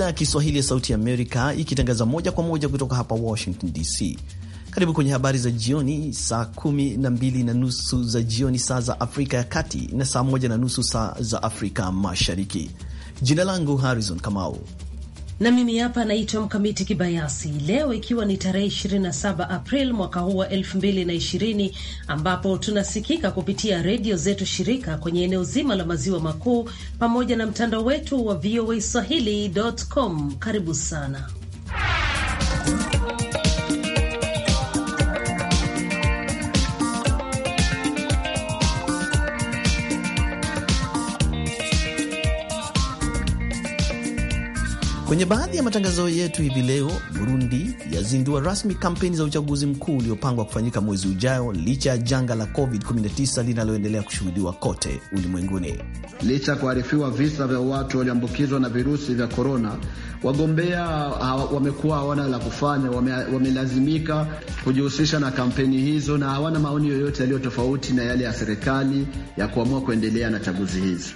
idhaa ya Kiswahili ya Sauti Amerika ikitangaza moja kwa moja kutoka hapa Washington DC. Karibu kwenye habari za jioni, saa kumi na mbili na nusu za jioni saa za Afrika ya Kati na saa moja na nusu saa za Afrika Mashariki. Jina langu Harrison Kamau na mimi hapa naitwa Mkamiti Kibayasi. Leo ikiwa ni tarehe 27 April mwaka huu wa 2020, ambapo tunasikika kupitia redio zetu shirika kwenye eneo zima la maziwa makuu pamoja na mtandao wetu wa VOA swahili.com. Karibu sana. Kwenye baadhi ya matangazo yetu hivi leo, Burundi yazindua rasmi kampeni za uchaguzi mkuu uliopangwa kufanyika mwezi ujao, licha ya janga la COVID-19 linaloendelea kushuhudiwa kote ulimwenguni. Licha ya kuharifiwa visa vya watu walioambukizwa na virusi vya korona, wagombea wamekuwa hawana la kufanya, wamelazimika kujihusisha na kampeni hizo na hawana maoni yoyote yaliyo tofauti na yale ya serikali ya kuamua kuendelea na chaguzi hizi.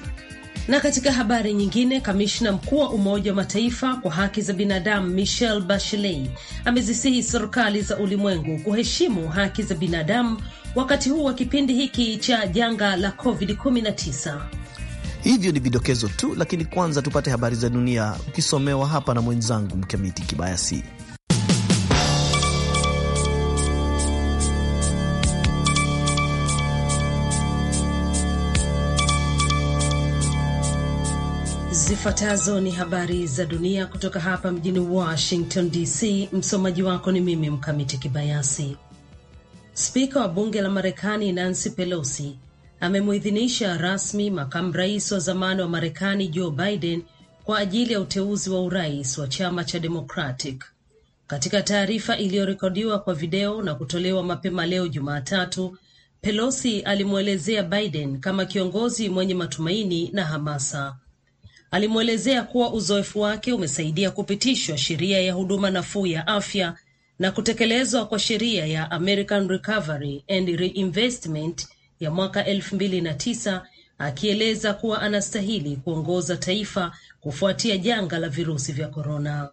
Na katika habari nyingine, kamishna mkuu wa Umoja wa Mataifa kwa haki za binadamu Michelle Bachelet amezisihi serikali za ulimwengu kuheshimu haki za binadamu wakati huu wa kipindi hiki cha janga la COVID-19. Hivyo ni vidokezo tu, lakini kwanza tupate habari za dunia ukisomewa hapa na mwenzangu Mkamiti Kibayasi. Zifuatazo ni habari za dunia kutoka hapa mjini Washington DC. Msomaji wako ni mimi Mkamiti Kibayasi. Spika wa bunge la Marekani Nancy Pelosi amemuidhinisha rasmi makamu rais wa zamani wa Marekani Joe Biden kwa ajili ya uteuzi wa urais wa chama cha Democratic. Katika taarifa iliyorekodiwa kwa video na kutolewa mapema leo Jumatatu, Pelosi alimwelezea Biden kama kiongozi mwenye matumaini na hamasa alimwelezea kuwa uzoefu wake umesaidia kupitishwa sheria ya huduma nafuu ya afya na kutekelezwa kwa sheria ya American Recovery and Reinvestment ya mwaka 2009 akieleza kuwa anastahili kuongoza taifa kufuatia janga la virusi vya korona.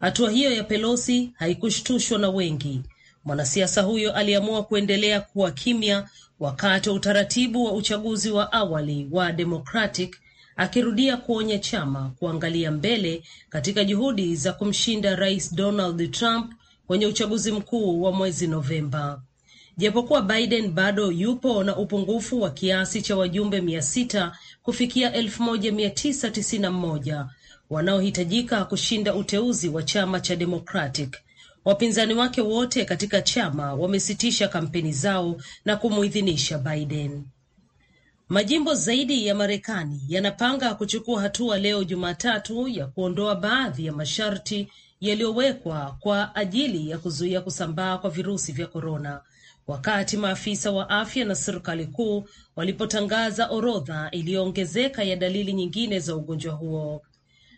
Hatua hiyo ya Pelosi haikushtushwa na wengi. Mwanasiasa huyo aliamua kuendelea kuwa kimya wakati wa utaratibu wa uchaguzi wa awali wa Democratic akirudia kuonya chama kuangalia mbele katika juhudi za kumshinda Rais Donald Trump kwenye uchaguzi mkuu wa mwezi Novemba. Japokuwa Biden bado yupo na upungufu wa kiasi cha wajumbe mia sita kufikia 1991 wanaohitajika kushinda uteuzi wa chama cha Democratic. Wapinzani wake wote katika chama wamesitisha kampeni zao na kumuidhinisha Biden. Majimbo zaidi ya Marekani yanapanga kuchukua hatua leo Jumatatu ya kuondoa baadhi ya masharti yaliyowekwa kwa ajili ya kuzuia kusambaa kwa virusi vya korona, wakati maafisa wa afya na serikali kuu walipotangaza orodha iliyoongezeka ya dalili nyingine za ugonjwa huo.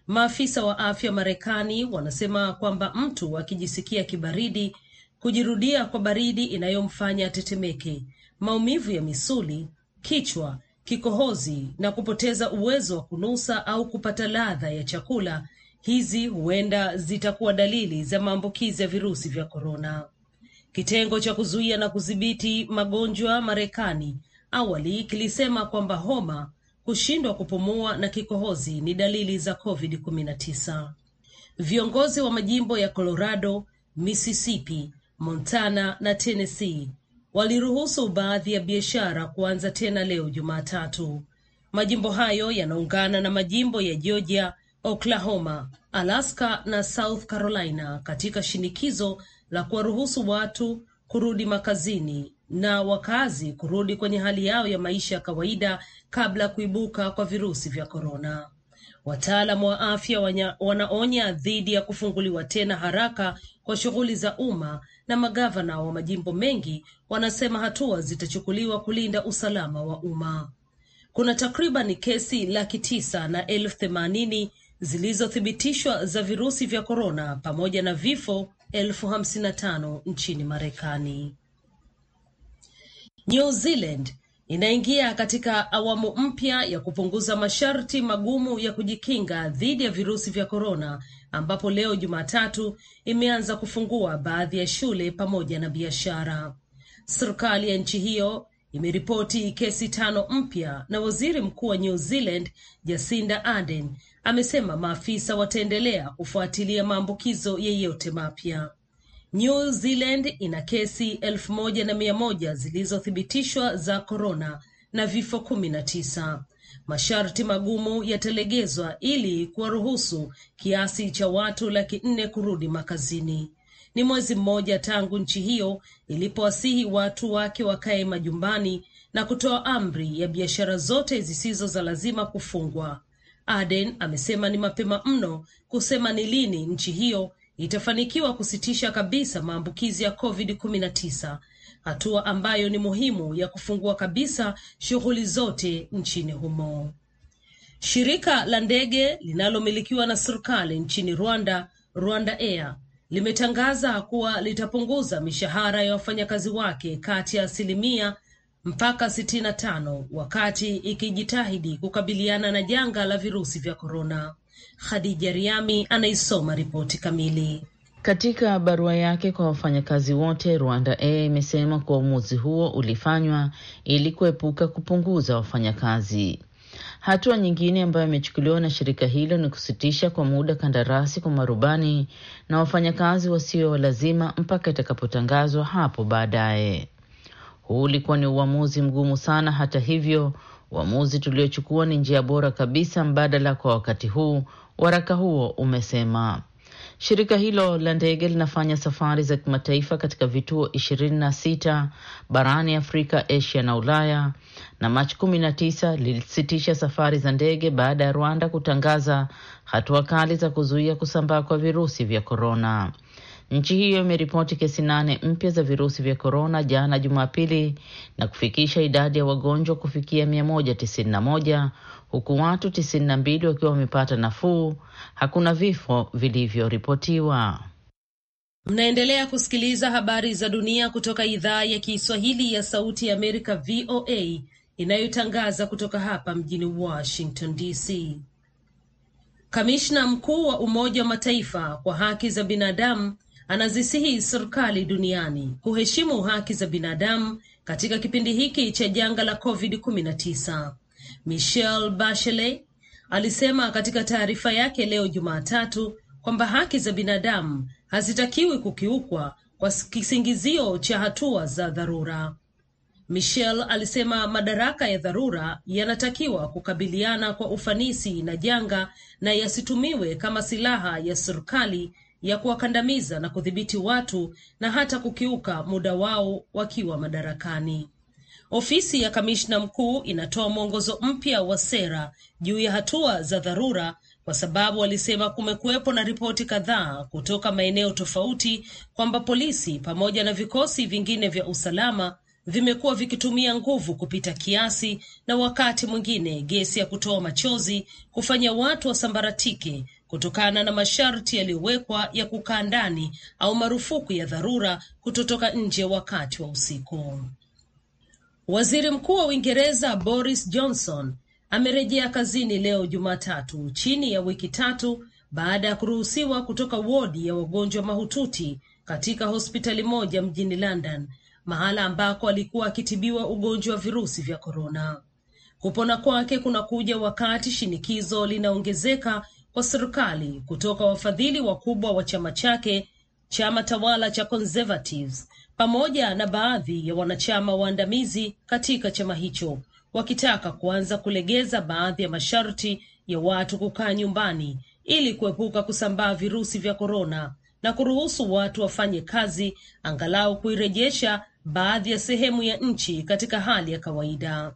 Maafisa wa afya Marekani wanasema kwamba mtu akijisikia kibaridi, kujirudia kwa baridi inayomfanya atetemeke, maumivu ya misuli kichwa, kikohozi na kupoteza uwezo wa kunusa au kupata ladha ya chakula. Hizi huenda zitakuwa dalili za maambukizi ya virusi vya korona. Kitengo cha kuzuia na kudhibiti magonjwa Marekani awali kilisema kwamba homa, kushindwa kupumua na kikohozi ni dalili za COVID-19. Viongozi wa majimbo ya Colorado, Mississippi, Montana na Tennessee waliruhusu baadhi ya biashara kuanza tena leo Jumatatu. Majimbo hayo yanaungana na majimbo ya Georgia, Oklahoma, Alaska na South Carolina katika shinikizo la kuwaruhusu watu kurudi makazini na wakazi kurudi kwenye hali yao ya maisha ya kawaida kabla ya kuibuka kwa virusi vya korona. Wataalamu wa afya wanaonya dhidi ya kufunguliwa tena haraka kwa shughuli za umma na magavana wa majimbo mengi wanasema hatua zitachukuliwa kulinda usalama wa umma. Kuna takriban kesi laki tisa na elfu themanini zilizothibitishwa za virusi vya korona pamoja na vifo elfu hamsini na tano nchini Marekani. New Zealand inaingia katika awamu mpya ya kupunguza masharti magumu ya kujikinga dhidi ya virusi vya korona, ambapo leo Jumatatu imeanza kufungua baadhi ya shule pamoja na biashara. Serikali ya nchi hiyo imeripoti kesi tano mpya na waziri mkuu wa New Zealand Jacinda Ardern amesema maafisa wataendelea kufuatilia maambukizo yeyote mapya. New Zealand ina kesi elfu moja na mia moja zilizothibitishwa za korona na vifo kumi na tisa. Masharti magumu yatalegezwa ili kuwaruhusu kiasi cha watu laki nne kurudi makazini. Ni mwezi mmoja tangu nchi hiyo ilipowasihi watu wake wakae majumbani na kutoa amri ya biashara zote zisizo za lazima kufungwa. Aden amesema ni mapema mno kusema ni lini nchi hiyo itafanikiwa kusitisha kabisa maambukizi ya COVID-19, hatua ambayo ni muhimu ya kufungua kabisa shughuli zote nchini humo. Shirika la ndege linalomilikiwa na serikali nchini Rwanda, Rwanda Air, limetangaza kuwa litapunguza mishahara ya wafanyakazi wake kati ya asilimia mpaka 65 wakati ikijitahidi kukabiliana na janga la virusi vya korona. Khadija Riami anaisoma ripoti kamili. Katika barua yake kwa wafanyakazi wote, Rwanda Air imesema kuwa uamuzi huo ulifanywa ili kuepuka kupunguza wafanyakazi. Hatua nyingine ambayo imechukuliwa na shirika hilo ni kusitisha kwa muda kandarasi kwa marubani na wafanyakazi wasio lazima mpaka itakapotangazwa hapo baadaye. Huu ulikuwa ni uamuzi mgumu sana. Hata hivyo, Uamuzi tuliochukua ni njia bora kabisa mbadala kwa wakati huu, waraka huo umesema. Shirika hilo la ndege linafanya safari za kimataifa katika vituo ishirini na sita barani Afrika, Asia na Ulaya, na Machi kumi na tisa lilisitisha safari za ndege baada ya Rwanda kutangaza hatua kali za kuzuia kusambaa kwa virusi vya korona. Nchi hiyo imeripoti kesi nane mpya za virusi vya korona jana Jumapili na kufikisha idadi ya wagonjwa kufikia 191 huku watu 92 wakiwa wamepata nafuu. Hakuna vifo vilivyoripotiwa. Mnaendelea kusikiliza habari za dunia kutoka idhaa ya Kiswahili ya Sauti ya Amerika, VOA, inayotangaza kutoka hapa mjini Washington DC. Kamishna mkuu wa Umoja wa Mataifa kwa haki za binadamu anazisihi serikali duniani kuheshimu haki za binadamu katika kipindi hiki cha janga la COVID-19. Michelle Bachelet alisema katika taarifa yake leo Jumatatu kwamba haki za binadamu hazitakiwi kukiukwa kwa kisingizio cha hatua za dharura. Michelle alisema madaraka ya dharura yanatakiwa kukabiliana kwa ufanisi na janga na yasitumiwe kama silaha ya serikali ya kuwakandamiza na kudhibiti watu na hata kukiuka muda wao wakiwa madarakani. Ofisi ya kamishna mkuu inatoa mwongozo mpya wa sera juu ya hatua za dharura, kwa sababu walisema kumekuwepo na ripoti kadhaa kutoka maeneo tofauti kwamba polisi pamoja na vikosi vingine vya usalama vimekuwa vikitumia nguvu kupita kiasi na wakati mwingine gesi ya kutoa machozi kufanya watu wasambaratike kutokana na masharti yaliyowekwa ya kukaa ndani au marufuku ya dharura kutotoka nje wakati wa usiku. Waziri Mkuu wa Uingereza Boris Johnson amerejea kazini leo Jumatatu chini ya wiki tatu baada ya kuruhusiwa kutoka wodi ya wagonjwa mahututi katika hospitali moja mjini London, mahala ambako alikuwa akitibiwa ugonjwa wa virusi vya korona. Kupona kwake kunakuja wakati shinikizo linaongezeka kwa serikali kutoka wafadhili wakubwa wa chama chake, chama tawala cha Conservatives, pamoja na baadhi ya wanachama waandamizi katika chama hicho wakitaka kuanza kulegeza baadhi ya masharti ya watu kukaa nyumbani ili kuepuka kusambaa virusi vya korona na kuruhusu watu wafanye kazi, angalau kuirejesha baadhi ya sehemu ya nchi katika hali ya kawaida.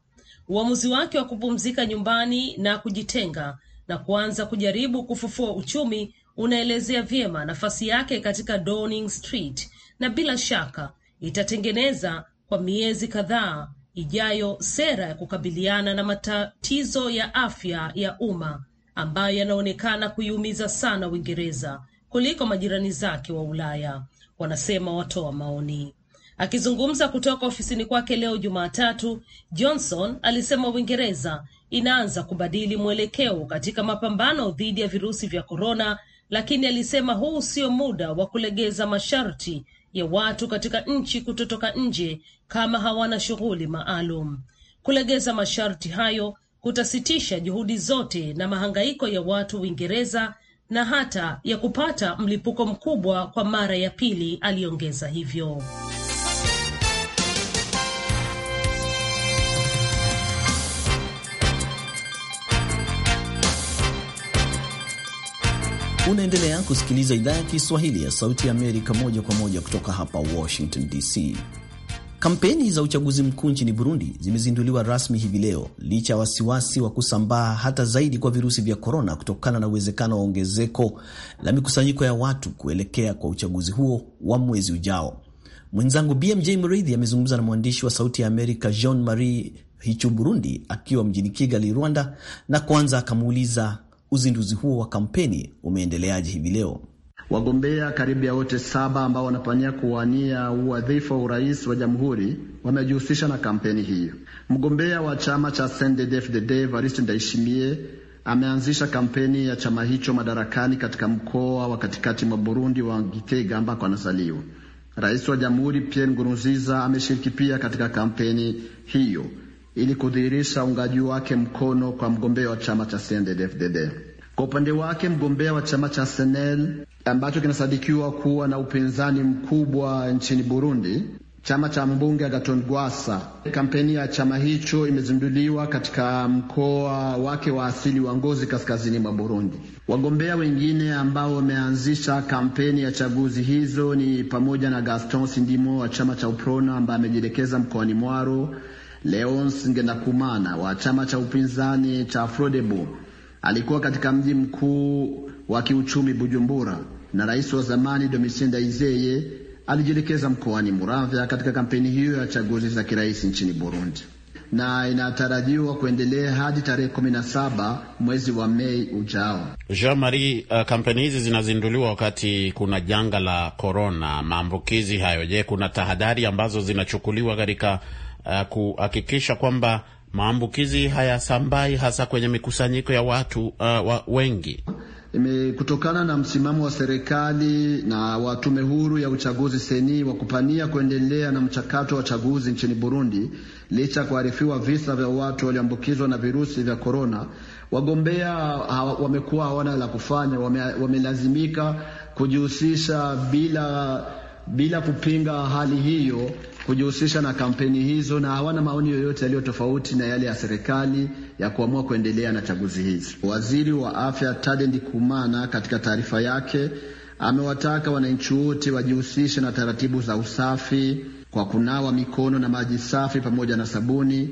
Uamuzi wake wa kupumzika nyumbani na kujitenga na kuanza kujaribu kufufua uchumi unaelezea vyema nafasi yake katika Downing Street na bila shaka itatengeneza kwa miezi kadhaa ijayo sera ya kukabiliana na matatizo ya afya ya umma ambayo yanaonekana kuiumiza sana Uingereza kuliko majirani zake wa Ulaya, wanasema watoa wa maoni. Akizungumza kutoka ofisini kwake leo Jumatatu, Johnson alisema Uingereza inaanza kubadili mwelekeo katika mapambano dhidi ya virusi vya korona, lakini alisema huu sio muda wa kulegeza masharti ya watu katika nchi kutotoka nje kama hawana shughuli maalum. Kulegeza masharti hayo kutasitisha juhudi zote na mahangaiko ya watu Uingereza na hata ya kupata mlipuko mkubwa kwa mara ya pili, aliongeza hivyo. Unaendelea kusikiliza idhaa ya Kiswahili ya Sauti ya Amerika moja kwa moja kutoka hapa Washington DC. Kampeni za uchaguzi mkuu nchini Burundi zimezinduliwa rasmi hivi leo licha ya wasiwasi wa kusambaa hata zaidi kwa virusi vya korona kutokana na uwezekano wa ongezeko la mikusanyiko ya watu kuelekea kwa uchaguzi huo wa mwezi ujao. Mwenzangu BMJ Murithi amezungumza na mwandishi wa Sauti ya Amerika Jean Marie Hichu Burundi akiwa mjini Kigali, Rwanda, na kwanza akamuuliza Uzinduzi huo wa kampeni umeendeleaje hivi leo? Wagombea karibu ya wote saba ambao wanapania kuwania uwadhifa wa urais wa jamhuri wamejihusisha na kampeni hiyo Mgombea wa chama cha CNDD-FDD Evariste Ndayishimiye ameanzisha kampeni ya chama hicho madarakani katika mkoa wa katikati mwa Burundi wa Gitega ambako anazaliwa. Rais wa jamhuri Pierre Nkurunziza ameshiriki pia katika kampeni hiyo ili kudhihirisha uungaji wake mkono kwa mgombea wa chama cha CNDD-FDD. Kwa upande wake mgombea wa chama cha SNEL ambacho kinasadikiwa kuwa na upinzani mkubwa nchini Burundi, chama cha mbunge agaton gwasa Kampeni ya chama hicho imezinduliwa katika mkoa wake wa asili wa Ngozi, kaskazini mwa Burundi. Wagombea wengine ambao wameanzisha kampeni ya chaguzi hizo ni pamoja na Gaston Sindimo wa chama cha UPRONA ambaye amejielekeza mkoani Mwaro Leons Ngendakumana wa chama cha upinzani cha Frodebo alikuwa katika mji mkuu wa kiuchumi Bujumbura, na rais wa zamani Domitien Ndayizeye alijielekeza mkoani muravya katika kampeni hiyo ya chaguzi za kirais nchini Burundi na inatarajiwa kuendelea hadi tarehe 17 mwezi wa Mei ujao. Jean Marie, uh, kampeni hizi zinazinduliwa wakati kuna janga la korona, maambukizi hayo. Je, kuna tahadhari ambazo zinachukuliwa katika uh, kuhakikisha kwamba maambukizi hayasambai hasa kwenye mikusanyiko ya watu uh, wa wengi. Kutokana na msimamo wa serikali na wa tume huru ya uchaguzi seni wa kupania kuendelea na mchakato wa chaguzi nchini Burundi, licha ya kuarifiwa visa vya watu walioambukizwa na virusi vya korona, wagombea wamekuwa hawana la kufanya, wamelazimika wame kujihusisha bila bila kupinga hali hiyo kujihusisha na kampeni hizo na hawana maoni yoyote yaliyo tofauti na yale ya serikali ya kuamua kuendelea na chaguzi hizi. Waziri wa afya Tade Ndikumana katika taarifa yake amewataka wananchi wote wajihusishe na taratibu za usafi kwa kunawa mikono na maji safi pamoja na sabuni,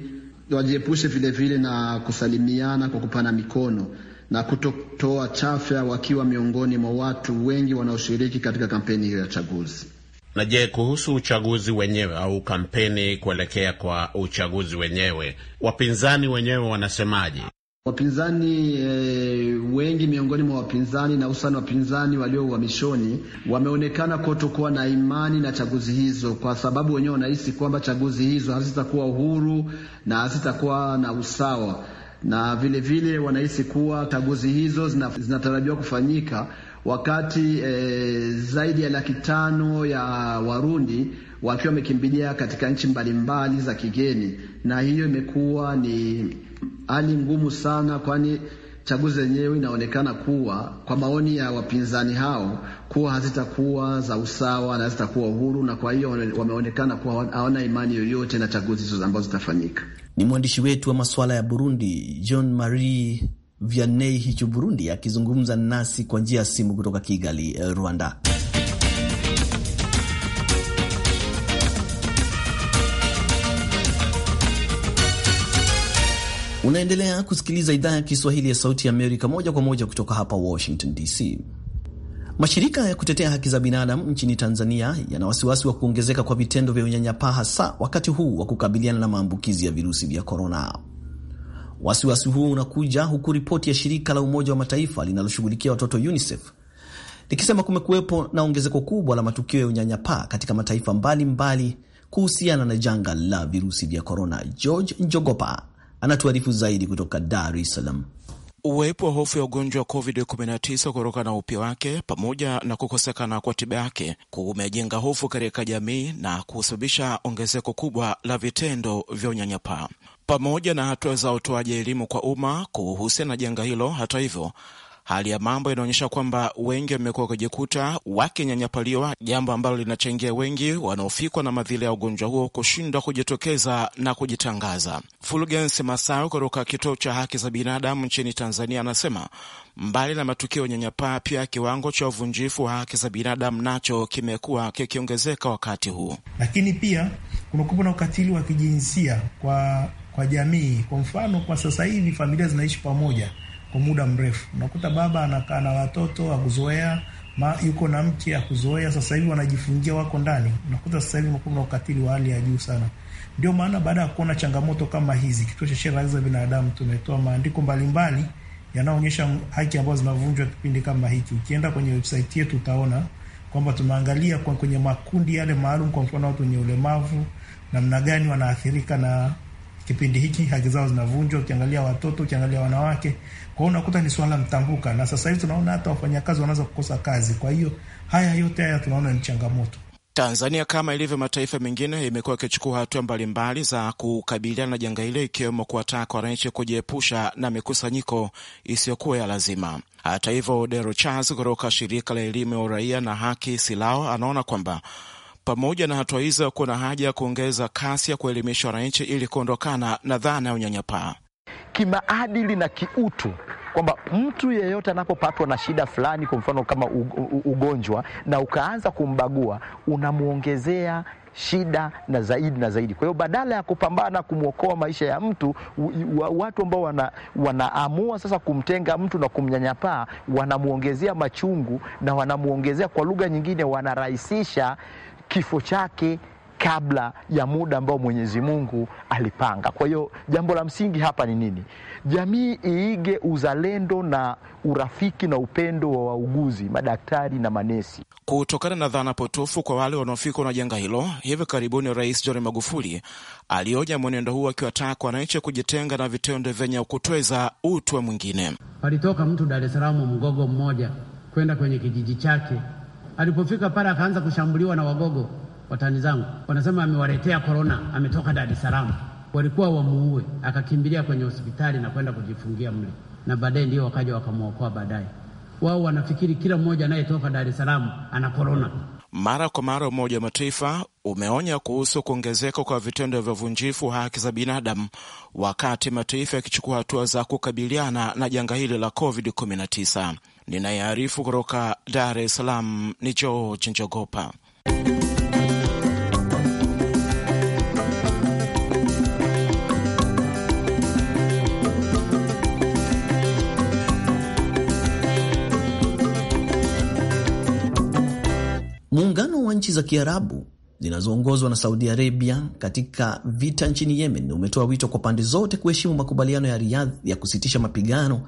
wajiepushe vilevile na kusalimiana kwa kupana mikono na kutotoa chafya wakiwa miongoni mwa watu wengi wanaoshiriki katika kampeni hiyo ya chaguzi. Na je, kuhusu uchaguzi wenyewe au kampeni kuelekea kwa uchaguzi wenyewe, wapinzani wenyewe wanasemaje? Wapinzani e, wengi miongoni mwa wapinzani na hususan wapinzani walio uhamishoni wameonekana kutokuwa na imani na chaguzi hizo, kwa sababu wenyewe wanahisi kwamba chaguzi hizo hazitakuwa uhuru na hazitakuwa na usawa, na vilevile vile wanahisi kuwa chaguzi hizo zinatarajiwa kufanyika wakati e, zaidi ya laki tano ya Warundi wakiwa wamekimbilia katika nchi mbalimbali za kigeni, na hiyo imekuwa ni hali ngumu sana, kwani chaguzi zenyewe inaonekana kuwa kwa maoni ya wapinzani hao kuwa hazitakuwa za usawa na hazitakuwa uhuru, na kwa hiyo wameonekana kuwa hawana imani yoyote na chaguzi hizo ambazo zitafanyika. Ni mwandishi wetu wa masuala ya Burundi John Marie Vianney burundi akizungumza nasi kwa njia ya simu kutoka Kigali, eh, Rwanda. Unaendelea kusikiliza idhaa ya Kiswahili ya Sauti ya Amerika moja kwa moja kutoka hapa Washington DC. Mashirika ya kutetea haki za binadamu nchini Tanzania yana wasiwasi wa kuongezeka kwa vitendo vya unyanyapaa hasa wakati huu wa kukabiliana na maambukizi ya virusi vya korona. Wasiwasi huo unakuja huku ripoti ya shirika la Umoja wa Mataifa linaloshughulikia watoto UNICEF likisema kumekuwepo na ongezeko kubwa la matukio ya unyanyapaa katika mataifa mbalimbali kuhusiana na janga la virusi vya korona. George Njogopa anatuarifu zaidi kutoka Dar es Salaam. Uwepo wa hofu ya ugonjwa wa COVID-19 kutokana na upya wake pamoja na kukosekana kwa tiba yake kumejenga hofu katika jamii na kusababisha ongezeko kubwa la vitendo vya unyanyapaa pamoja na hatua za utoaji elimu kwa umma kuhusiana na janga hilo. Hata hivyo, hali ya mambo inaonyesha kwamba wengi wamekuwa wakijikuta wakinyanyapaliwa, jambo ambalo linachangia wengi wanaofikwa na madhila ya ugonjwa huo kushindwa kujitokeza na kujitangaza. Fulgens Masao kutoka kituo cha haki za binadamu nchini Tanzania anasema mbali na matukio ya unyanyapaa, pia kiwango cha uvunjifu wa haki za binadamu nacho kimekuwa kikiongezeka wakati huu, lakini pia kunakuwa na ukatili wa kijinsia kwa kwa jamii. Kwa mfano, kwa sasa hivi familia zinaishi pamoja kwa muda mrefu, unakuta baba anakaa na watoto akuzoea ma yuko na mke akuzoea. Sasa hivi wanajifungia, wako ndani, unakuta sasa hivi unakuwa na ukatili wa hali ya juu sana. Ndio maana baada ya kuona changamoto kama hizi, Kituo cha Sheria za Binadamu tumetoa maandiko mbalimbali yanayoonyesha haki ambazo zinavunjwa kipindi kama hiki. Ukienda kwenye website yetu utaona kwamba tumeangalia kwa kwenye makundi yale maalum, kwa mfano watu wenye ulemavu, namna gani wanaathirika na kipindi hiki haki zao zinavunjwa, ukiangalia watoto, ukiangalia wanawake. Kwa hiyo unakuta ni swala mtambuka, na sasa hivi tunaona hata wafanyakazi wanaanza kukosa kazi. Kwa hiyo haya yote haya tunaona ni changamoto. Tanzania kama ilivyo mataifa mengine imekuwa ikichukua hatua mbalimbali za kukabiliana na janga hilo, ikiwemo kuwataka wananchi kujiepusha na mikusanyiko isiyokuwa ya lazima. Hata hivyo, Dero Charles kutoka shirika la elimu ya uraia na haki Silao anaona kwamba pamoja na hatua hizo, kuna haja ya kuongeza kasi ya kuelimisha wananchi ili kuondokana na dhana ya unyanyapaa kimaadili na kiutu kwamba mtu yeyote anapopatwa na shida fulani, kwa mfano kama ugonjwa, na ukaanza kumbagua, unamwongezea shida na zaidi na zaidi. Kwa hiyo badala ya kupambana kumwokoa maisha ya mtu, watu ambao wana, wanaamua sasa kumtenga mtu na kumnyanyapaa, wanamwongezea machungu na wanamwongezea, kwa lugha nyingine, wanarahisisha kifo chake kabla ya muda ambao Mwenyezi Mungu alipanga. Kwa hiyo jambo la msingi hapa ni nini? Jamii iige uzalendo na urafiki na upendo wa wauguzi, madaktari na manesi, kutokana na dhana potofu kwa wale wanaofikwa na janga hilo. Hivi karibuni Rais John Magufuli alionya mwenendo huo, akiwataka wananchi kujitenga na vitendo vyenye kutweza utwe mwingine. Palitoka mtu Dar es Salaam, mgogo mmoja kwenda kwenye kijiji chake Alipofika pale akaanza kushambuliwa na Wagogo, watani zangu, wanasema amewaletea korona, ametoka Dar es Salaam, walikuwa wamuue. Akakimbilia kwenye hospitali na kwenda kujifungia mle, na baadaye ndio wakaja wakamwokoa. Baadaye wao wanafikiri kila mmoja anayetoka Dar es Salaam ana korona. Mara kwa mara Umoja wa Mataifa umeonya kuhusu kuongezeka kwa vitendo vya uvunjifu wa haki za binadamu, wakati mataifa yakichukua hatua za kukabiliana na janga hili la COVID-19. Ninayearifu kutoka Dar es Salaam ni George Njogopa. Muungano wa nchi za Kiarabu zinazoongozwa na Saudi Arabia katika vita nchini Yemen umetoa wito kwa pande zote kuheshimu makubaliano ya Riyadh ya kusitisha mapigano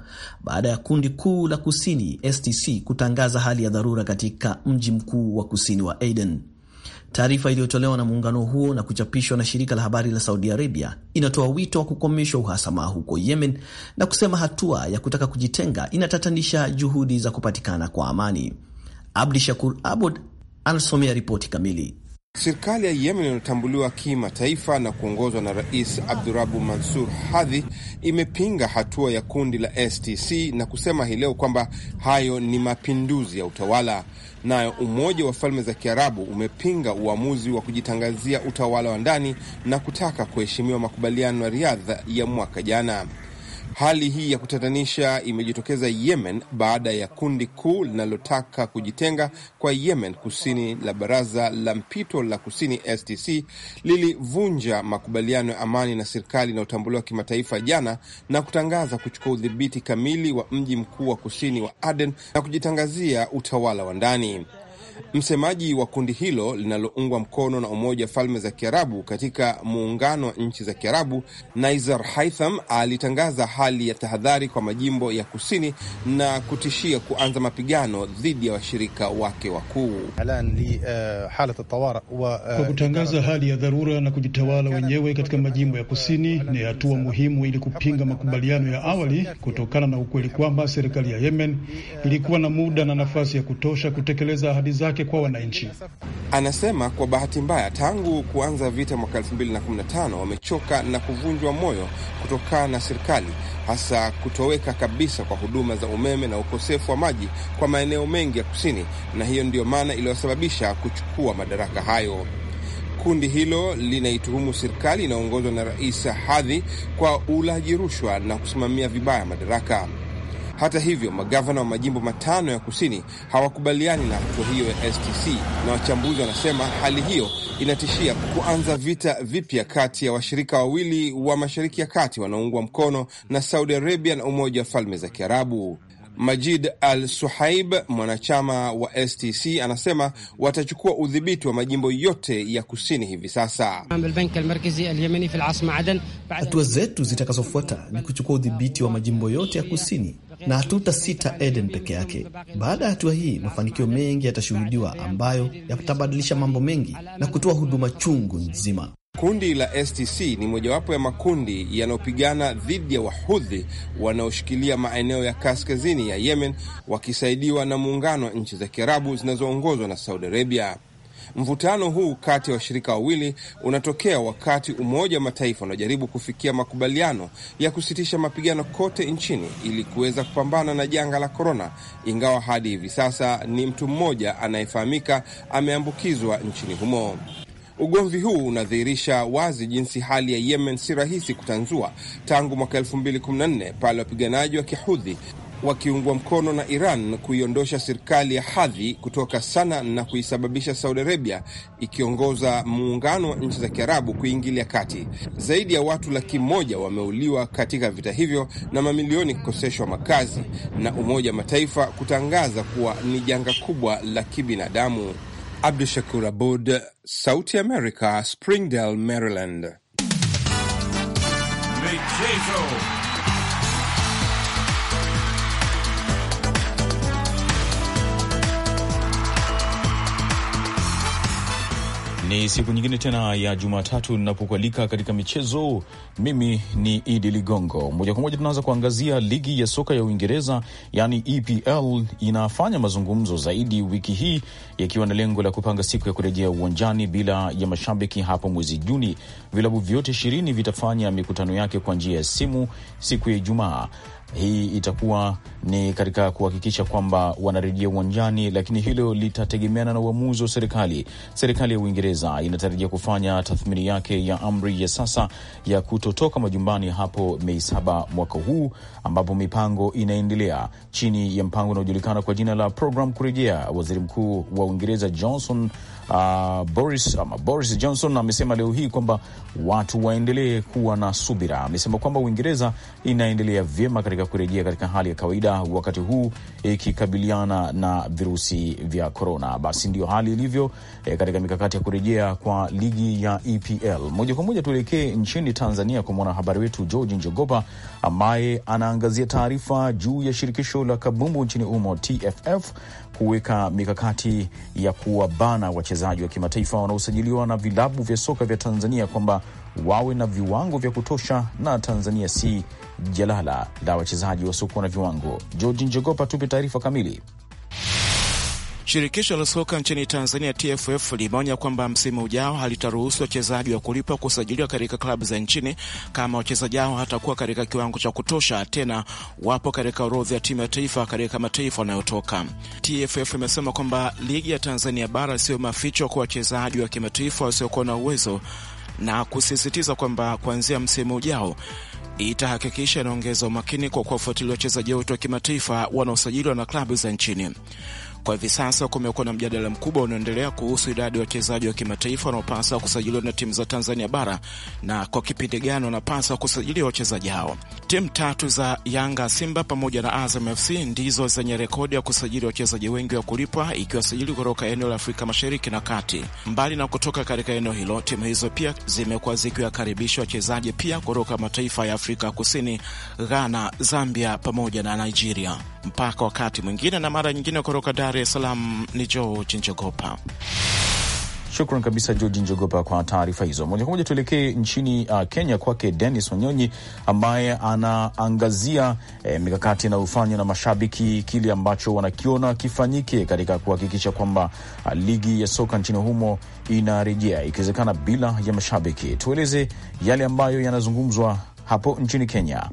baada ya kundi kuu la kusini STC kutangaza hali ya dharura katika mji mkuu wa kusini wa Aden. Taarifa iliyotolewa na muungano huo na kuchapishwa na shirika la habari la Saudi Arabia inatoa wito wa kukomeshwa uhasama huko Yemen na kusema hatua ya kutaka kujitenga inatatanisha juhudi za kupatikana kwa amani. Abdi Shakur Abud anasomea ripoti kamili. Serikali ya Yemen inayotambuliwa kimataifa na kuongozwa na Rais Abdurabu Mansur Hadhi imepinga hatua ya kundi la STC na kusema hii leo kwamba hayo ni mapinduzi ya utawala. Nayo Umoja wa Falme za Kiarabu umepinga uamuzi wa kujitangazia utawala wa ndani na kutaka kuheshimiwa makubaliano ya Riadha ya mwaka jana. Hali hii ya kutatanisha imejitokeza Yemen baada ya kundi kuu linalotaka kujitenga kwa Yemen kusini la Baraza la Mpito la Kusini STC lilivunja makubaliano ya amani na serikali inayotambuliwa kimataifa jana na kutangaza kuchukua udhibiti kamili wa mji mkuu wa kusini wa Aden na kujitangazia utawala wa ndani. Msemaji wa kundi hilo linaloungwa mkono na Umoja wa Falme za Kiarabu katika muungano wa nchi za Kiarabu, Naizar Haitham alitangaza hali ya tahadhari kwa majimbo ya kusini na kutishia kuanza mapigano dhidi ya washirika wake wakuu. Eh, eh, kwa kutangaza hali ya dharura na kujitawala wenyewe katika majimbo ya kusini ni hatua muhimu ili kupinga makubaliano ya awali kutokana na ukweli kwamba serikali ya Yemen ilikuwa na muda na nafasi ya kutosha kutekeleza ahadi zake wake kwa wananchi. Anasema kwa bahati mbaya, tangu kuanza vita mwaka 2015 wamechoka na kuvunjwa moyo kutokana na serikali, hasa kutoweka kabisa kwa huduma za umeme na ukosefu wa maji kwa maeneo mengi ya kusini, na hiyo ndiyo maana iliyosababisha kuchukua madaraka hayo. Kundi hilo linaituhumu serikali inayoongozwa na Rais Hadhi kwa ulaji rushwa na kusimamia vibaya madaraka. Hata hivyo, magavana wa majimbo matano ya kusini hawakubaliani na hatua hiyo ya STC na wachambuzi wanasema hali hiyo inatishia kuanza vita vipya kati ya washirika wawili wa Mashariki ya Kati wanaoungwa mkono na Saudi Arabia na Umoja wa Falme za Kiarabu. Majid Al Suhaib, mwanachama wa STC, anasema watachukua udhibiti wa majimbo yote ya kusini hivi sasa. Hatua zetu zitakazofuata ni kuchukua udhibiti wa majimbo yote ya kusini na sita Eden peke yake. Baada ya hatua hii, mafanikio mengi yatashuhudiwa ambayo yatabadilisha mambo mengi na kutoa huduma chungu nzima. Kundi la STC ni mojawapo ya makundi yanayopigana dhidi ya wahudhi wanaoshikilia maeneo ya kaskazini ya Yemen, wakisaidiwa na muungano wa nchi za Kiarabu zinazoongozwa na Saudi Arabia. Mvutano huu kati ya washirika wawili unatokea wakati Umoja wa Mataifa unajaribu kufikia makubaliano ya kusitisha mapigano kote nchini ili kuweza kupambana na janga la korona, ingawa hadi hivi sasa ni mtu mmoja anayefahamika ameambukizwa nchini humo. Ugomvi huu unadhihirisha wazi jinsi hali ya Yemen si rahisi kutanzua tangu mwaka 2014 pale wapiganaji wa Kihudhi wakiungwa mkono na Iran kuiondosha serikali ya hadhi kutoka Sana na kuisababisha Saudi Arabia ikiongoza muungano wa nchi za Kiarabu kuingilia kati. Zaidi ya watu laki moja wameuliwa katika vita hivyo na mamilioni kukoseshwa makazi na Umoja wa Mataifa kutangaza kuwa ni janga kubwa la kibinadamu. Abdu Shakur Abud, Sauti America, Springdale, Maryland. Ni siku nyingine tena ya Jumatatu ninapokualika katika michezo. Mimi ni Idi Ligongo. Moja kwa moja tunaanza kuangazia ligi ya soka ya Uingereza, yaani EPL inafanya mazungumzo zaidi wiki hii, yakiwa na lengo la kupanga siku ya kurejea uwanjani bila ya mashabiki hapo mwezi Juni. Vilabu vyote ishirini vitafanya mikutano yake kwa njia ya simu siku ya Ijumaa hii itakuwa ni katika kuhakikisha kwamba wanarejea uwanjani, lakini hilo litategemeana na uamuzi wa serikali. Serikali ya Uingereza inatarajia kufanya tathmini yake ya amri ya sasa ya kutotoka majumbani hapo Mei saba mwaka huu, ambapo mipango inaendelea chini ya mpango unaojulikana kwa jina la Program Kurejea. Waziri Mkuu wa Uingereza Johnson uh, Boris ama Boris Johnson amesema leo hii kwamba watu waendelee kuwa na subira. Amesema kwamba Uingereza inaendelea vyema katika kurejea katika hali ya kawaida, wakati huu ikikabiliana na virusi vya korona. Basi ndio hali ilivyo eh, katika mikakati ya kurejea kwa ligi ya EPL. Moja kwa moja tuelekee nchini Tanzania kwa mwanahabari wetu George Njogopa ambaye anaangazia taarifa juu ya shirikisho la kabumbu nchini humo TFF kuweka mikakati ya kuwabana wachezaji wachezaji wa kimataifa wanaosajiliwa na vilabu vya soka vya Tanzania kwamba wawe na viwango vya kutosha, na Tanzania si jalala la wachezaji wasiokuwa na viwango. Georgi Njogopa, tupe taarifa kamili. Shirikisho la soka nchini Tanzania, TFF, limeonya kwamba msimu ujao halitaruhusu wachezaji wa kulipwa kusajiliwa katika klabu za nchini kama wachezaji hao hatakuwa katika kiwango cha kutosha, tena wapo katika orodha ya timu ya taifa katika mataifa wanayotoka. TFF imesema kwamba ligi ya Tanzania bara siyo maficho kwa wachezaji wa kimataifa wasiokuwa na uwezo na kusisitiza kwamba kuanzia msimu ujao itahakikisha inaongeza umakini kwa kuwafuatilia wachezaji wote wa kimataifa wanaosajiliwa na klabu za nchini. Kwa hivi sasa kumekuwa na mjadala mkubwa unaoendelea kuhusu idadi ya wachezaji wa kimataifa wanaopaswa kusajiliwa na timu za Tanzania bara na kwa kipindi gani wanapaswa kusajiliwa wachezaji hao. Timu tatu za Yanga, Simba pamoja na Azam FC ndizo zenye rekodi ya kusajili wachezaji wengi wa kulipwa ikiwasajili kutoka eneo la Afrika Mashariki na Kati. Mbali na kutoka katika eneo hilo, timu hizo pia zimekuwa zikiwakaribisha wachezaji pia kutoka mataifa ya Afrika Kusini, Ghana, Zambia pamoja na Nigeria mpaka wakati mwingine na mara nyingine. Kutoka Dar es Salaam ni George Njogopa. Shukran kabisa George Njogopa kwa taarifa hizo. Moja kwa moja tuelekee nchini uh, Kenya, kwake Denis Wanyonyi ambaye anaangazia eh, mikakati inayofanywa na mashabiki, kile ambacho wanakiona kifanyike katika kuhakikisha kwamba uh, ligi ya soka nchini humo inarejea ikiwezekana bila ya mashabiki. Tueleze yale ambayo yanazungumzwa hapo nchini Kenya.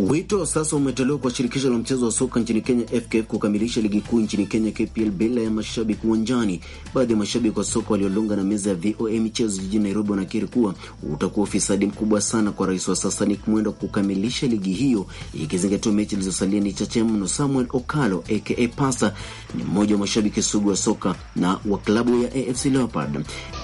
Wito sasa umetolewa kwa shirikisho la mchezo wa soka nchini Kenya FKF kukamilisha ligi kuu nchini Kenya KPL bila ya mashabiki uwanjani. Baadhi ya mashabiki wa soka waliolunga na meza ya VOA michezo jijini Nairobi wanakiri kuwa utakuwa ufisadi mkubwa sana kwa rais wa sasa Nick Mwendwa kukamilisha ligi hiyo, ikizingatiwa mechi ilizosalia ni chache mno. Samuel Okalo aka Pasa ni mmoja wa mashabiki sugu wa soka na wa klabu ya AFC Leopards.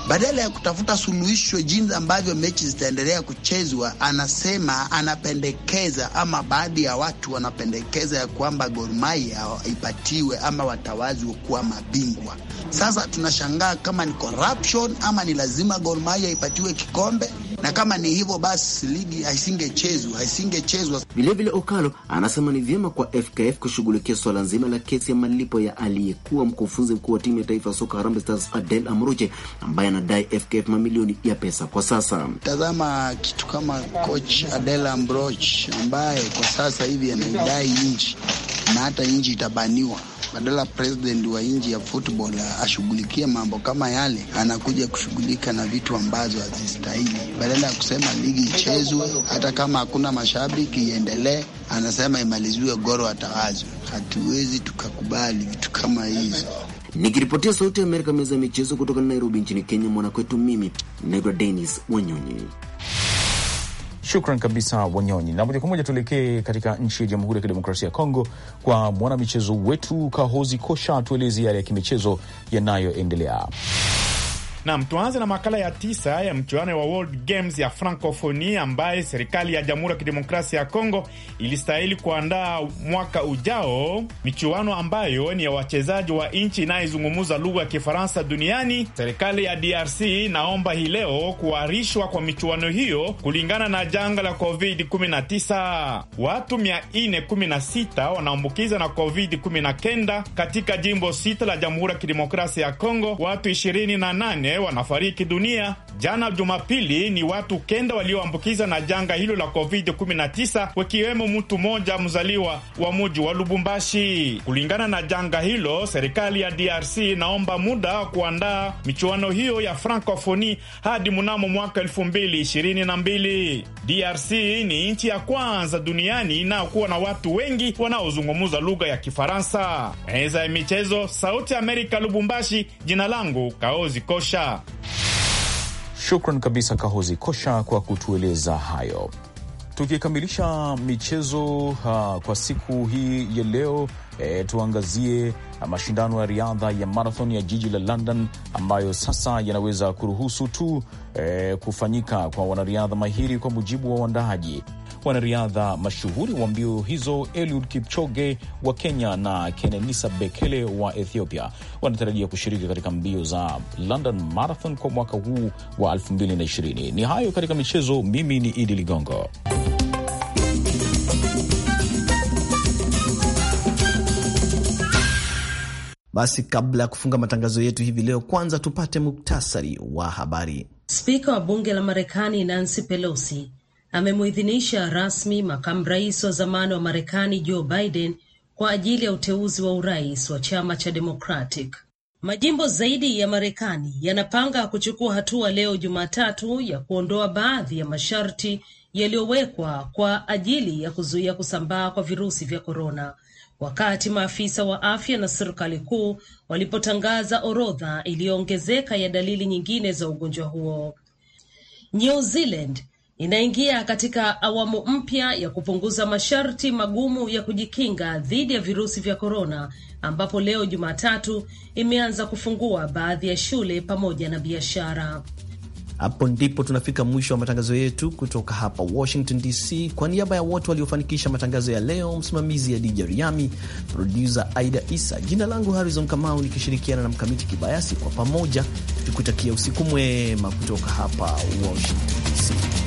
Badala ya kutafuta suluhisho jinsi ambavyo mechi zitaendelea kuchezwa, anasema anapendekeza ama baadhi ya watu wanapendekeza ya kwamba Gor Mahia ipatiwe ama watawazi kuwa mabingwa. Sasa tunashangaa kama ni corruption ama ni lazima Gor Mahia ipatiwe kikombe na kama ni hivyo basi ligi haisingechezwa haisingechezwa. Vilevile, Okalo anasema ni vyema kwa FKF kushughulikia swala nzima la kesi ya malipo ya aliyekuwa mkufunzi mkuu wa timu ya taifa ya soka Harambee Stars Adel Amruche ambaye anadai FKF mamilioni ya pesa kwa sasa. Tazama kitu kama coach Adel Amruche ambaye kwa sasa hivi anaidai nchi na hata nchi itabaniwa. Badala president wa nchi ya football ashughulikie mambo kama yale, anakuja kushughulika na vitu ambazo hazistahili. Badala ya kusema ligi ichezwe, hata kama hakuna mashabiki iendelee, anasema imaliziwe, goro atawazwe. Hatuwezi tukakubali vitu kama hizo. Nikiripotia Sauti ya Amerika, meza ya michezo kutoka Nairobi nchini Kenya, mwanakwetu mimi naitwa denis Wanyonyi. Shukran kabisa Wanyonyi, na moja kwa moja tuelekee katika nchi ya Jamhuri ya Kidemokrasia ya Kongo kwa mwanamichezo wetu Kahozi Kosha, tueleze yale ya kimichezo yanayoendelea. Nam, tuanze na makala ya tisa ya mchuano wa World Games ya Francophonie ambaye serikali ya Jamhuri ya Kidemokrasia ya Kongo ilistahili kuandaa mwaka ujao, michuano ambayo ni ya wachezaji wa nchi inayezungumza lugha ya Kifaransa duniani. Serikali ya DRC inaomba hii leo kuahirishwa kwa michuano hiyo kulingana na janga la COVID-19. Watu 416 wanaambukiza na COVID-19 katika jimbo sita la Jamhuri ya Kidemokrasia ya Kongo, watu 28 kutoka eneo wanafariki dunia Jana Jumapili ni watu kenda walioambukiza na janga hilo la COVID-19 wakiwemo mtu mmoja mzaliwa wa muji wa Lubumbashi. Kulingana na janga hilo, serikali ya DRC inaomba muda wa kuandaa michuano hiyo ya Francofoni hadi mnamo mwaka 2022. DRC ni nchi ya kwanza duniani inayokuwa na watu wengi wanaozungumza lugha ya Kifaransa. Meza ya michezo, Sauti Amerika, Lubumbashi. Jina langu Kaozi Kosha. Shukran kabisa Kahozi Kosha kwa kutueleza hayo. Tukikamilisha michezo uh, kwa siku hii ya leo e, tuangazie mashindano ya riadha ya marathon ya jiji la London ambayo sasa yanaweza kuruhusu tu e, kufanyika kwa wanariadha mahiri kwa mujibu wa uandaaji wanariadha mashuhuri wa mbio hizo Eliud Kipchoge wa Kenya na Kenenisa Bekele wa Ethiopia wanatarajia kushiriki katika mbio za London Marathon kwa mwaka huu wa 2020. Ni hayo katika michezo. Mimi ni Idi Ligongo. Basi kabla ya kufunga matangazo yetu hivi leo, kwanza tupate muktasari wa habari. Spika wa bunge la Marekani Nancy Pelosi amemuidhinisha rasmi makamu rais wa zamani wa Marekani Joe Biden kwa ajili ya uteuzi wa urais wa chama cha Democratic. Majimbo zaidi ya Marekani yanapanga kuchukua hatua leo Jumatatu ya kuondoa baadhi ya masharti yaliyowekwa kwa ajili ya kuzuia kusambaa kwa virusi vya korona, wakati maafisa wa afya na serikali kuu walipotangaza orodha iliyoongezeka ya dalili nyingine za ugonjwa huo. New Zealand inaingia katika awamu mpya ya kupunguza masharti magumu ya kujikinga dhidi ya virusi vya korona, ambapo leo Jumatatu imeanza kufungua baadhi ya shule pamoja na biashara. Hapo ndipo tunafika mwisho wa matangazo yetu kutoka hapa Washington DC. Kwa niaba ya wote waliofanikisha matangazo ya leo, msimamizi ya Dija Riami, produsa Aida Isa, jina langu Harrison Kamau nikishirikiana na Mkamiti Kibayasi, kwa pamoja tukutakia usiku mwema kutoka hapa Washington DC.